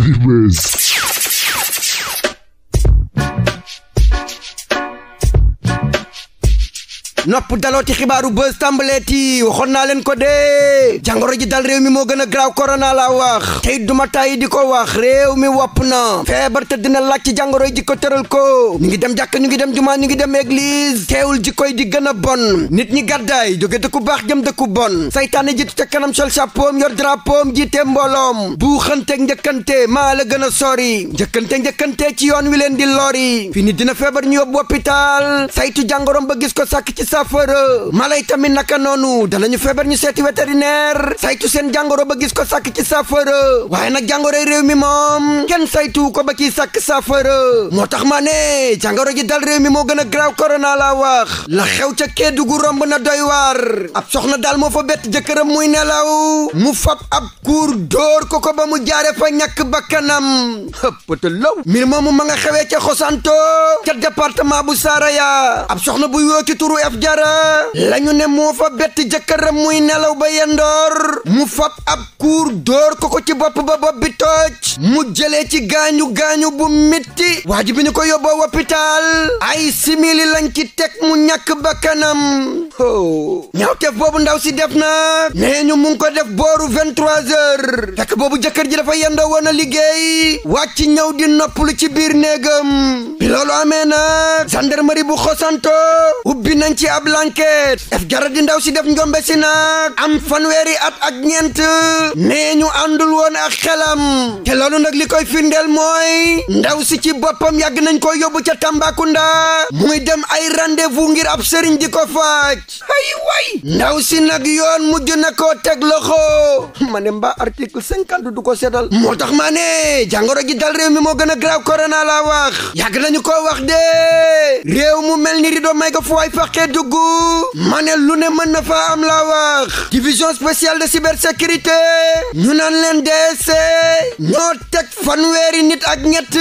Heavy Mess. nopp dalooti xibaaru buzz tàmbaleeti waxoon naa leen ko dee jàngoro ji dal réew mi moo gën a graaw korona laa wax du duma yi di ko wax réew mi wopp na feebar te dina laaj ci jàngoro ji ko tëral ko ñu ngi dem jàkk ñu ngi dem jumaa ñu ngi dem église teewul ji koy di gën a bon nit ñi gàddaay jóge dëkku baax jëm dëkku bon saytaane jiitu ca kanam sol chapeau yor drapeau jiite mbooloom bu xënteeg njëkkante maa la gën a sori njëkkante njëkkante ci yoon wi leen di lori fi nit dina feebar ñu yóbbu hôpital saytu jàngoroom ba gis ko sàkk saafara mala yi tamit naka noonu danañu feebar ñu seeti vétérinaire saytu seen jàngoro ba gis ko sakk ci saafara waaye nag jàngoro réew mi moom kenn saytu ko ba ci sàkk saafara moo tax ma ne jàngoro ji dal réew mi moo gën a graaw corona la wax la xew ca kedu Kédougou romb na doy waar ab soxna daal moo fa bett jëkkëram muy nelaw mu fab ab kuur dóor ko ko ba mu jaare fa ñàkk bakkanam hëppata law mbir mu ma nga xewee ca xosanto ca département bu Saraya ab soxna buy woo jara lañu ne moo fa bett jëkkëram muy nelaw ba yendoor mu fab ab kuur dóor ko ko ci bopp ba bopp bi tooj mu jëlee ci gaañu gaañu bu mitti waa ji bi ñu ko yóbboo hôpital ay simili lañ ci teg mu ñàkk bakkanam ñaawteef boobu ndaw si def nag nee ñu mu ko def booru 23 heures fekk boobu jëkkër ji dafa yendoo woon a liggéey ci ñëw di noppalu ci biir néegam bi loolu amee nag gendarmerie bu xosanto ubbi nañ ci ab lanket def jara di ndaw si def njombe si nag am fanweeri at ak ñeent nee ñu àndul woon ak xelam te loolu nag li koy firndeel mooy ndaw si ci boppam yàgg nañ ko yóbbu ca Tambacounda muy dem ay rendez-vous ngir ab sëriñ di ko faaj ci ay way ndaw si nag yoon mujj na koo teg loxo ma ne mbaa article cinquante du ko seetal moo tax maa ne jàngoro ji dal réew mi moo gën a grave corona laa wax yàgg nañu ko wax de réew mu mel ni rido may ko fu waay faqee dugg ma ne lu ne mën na faa am laa wax division spéciale de cybersécurité ñu naan leen DSC ñoo teg fanweeri nit ak ñett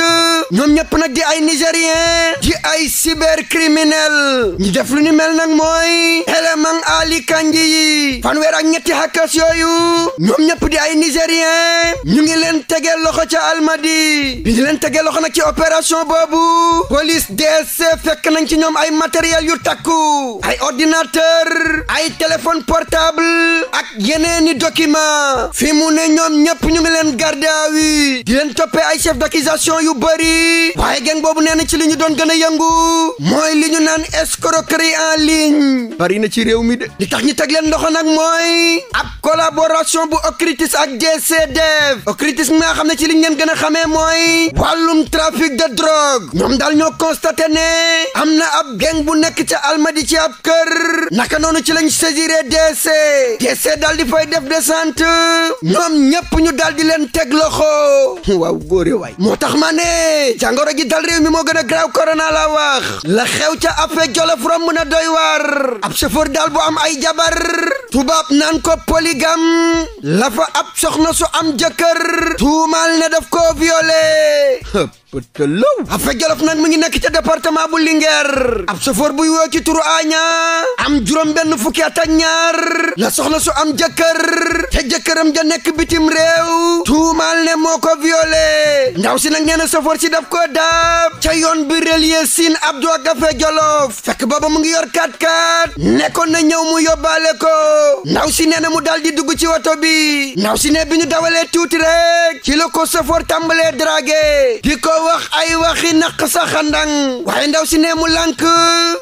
ñoom ñëpp nag di ay nigérien di ay cybercriminel ñi def lu ni mel nag mooy Heleman Ali Kandji yi fanweer ak ñetti hackers yooyu ñoom ñëpp di ay nigérien ñu ngi leen tegee loxo ca Almadi bi ñu leen tegee loxo nag ci opération boobu police DSC fekk nañ ci ñoom ay matériel yu takku ay ordinateur ay téléphone portable ak yeneeni document fi mu ne ñoom ñëpp ñu ngi leen garde à di leen toppee ay chef d'accusation yu bëri waaye geng boobu nee na ci li ñu doon gën a yëngu mooy li ñu naan escroquerie en ligne bari na ci réew mi de li tax ñu teg leen loxo nag mooy ab collaboration bu OCRTIS ak GCDEV OCRTIS mi nga xam ne ci liñ ngeen gën a xamee mooy wàllum trafic de drogue ñoom daal ñoo constaté ne am na ab gang bu nekk ca Almadi ci ab kër naka noonu ci lañ saisiré DC DC daal di fay def de sant ñoom ñëpp ñu daal di leen teg loxo waaw góore waay moo tax ma ne jàngoro gi dal réew mi moo gën a graaw corona la wax la xew ca affaire Jolof romb na doy waar ab chauffeur daal boo am ay jabar tubaab naan ko polygam la fa ab soxna su am jëkkër tuumaal ne daf koo violé pëtëlaw affaire jolof nag mu ngi nekk ca département bu Linguère ab chauffeur buy woo ci turu aña am juróom benn fukki at ak ñaar la soxna su am jëkkër te jëkkëram ja nekk bitim réew tuumaal ne moo ko violé ndaw si nag nee na chauffeur si daf ko daal ca yoon bi relier siin ab ak Café Jolof fekk booba mu ngi yor 4-4 nekkoon na ñëw mu yóbbaale ko ndaw si nee na mu dal di dugg ci woto bi ndaw si ne bi ñu dawalee tuuti rek ci la ko safoor tàmbalee dragué di ko wax ay waxi naq sa xandang waaye ndaw si ne mu lànk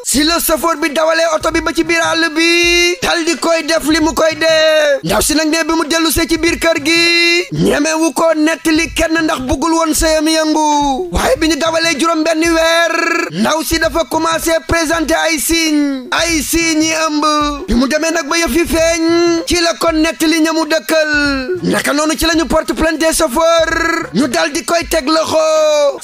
si la safoor bi dawalee oto bi ba ci biir àll bi dal di koy def li mu koy def ndaw si nag bi mu dellu see ci biir kër gi ñemewu ko nettali kenn ndax buggul woon sëyam yëngu waaye bi ñu dawalee juróom benn weer ndaw si dafa commencé présenté ay signe ay signe yi ëmb bi mu demee nag ba yëf feeñ ci la kon nettali ñamu dëkkal naka noonu ci la ñu porte plainte chauffeur ñu dal di koy teg loxo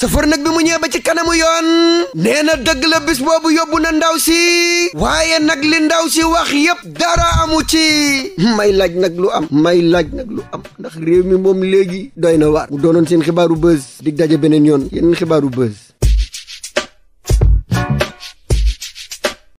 chauffeur nag bi mu ñëwee ba ci kanamu yoon nee na dëgg la bis boobu yóbbu na ndaw si waaye nag li ndaw si wax yépp dara amu ci may laaj nag lu am may laaj nag lu am ndax réew mi moom léegi doy na waar mu doonoon seen xibaaru buzz di daje beneen yoon yeneen xibaaru buzz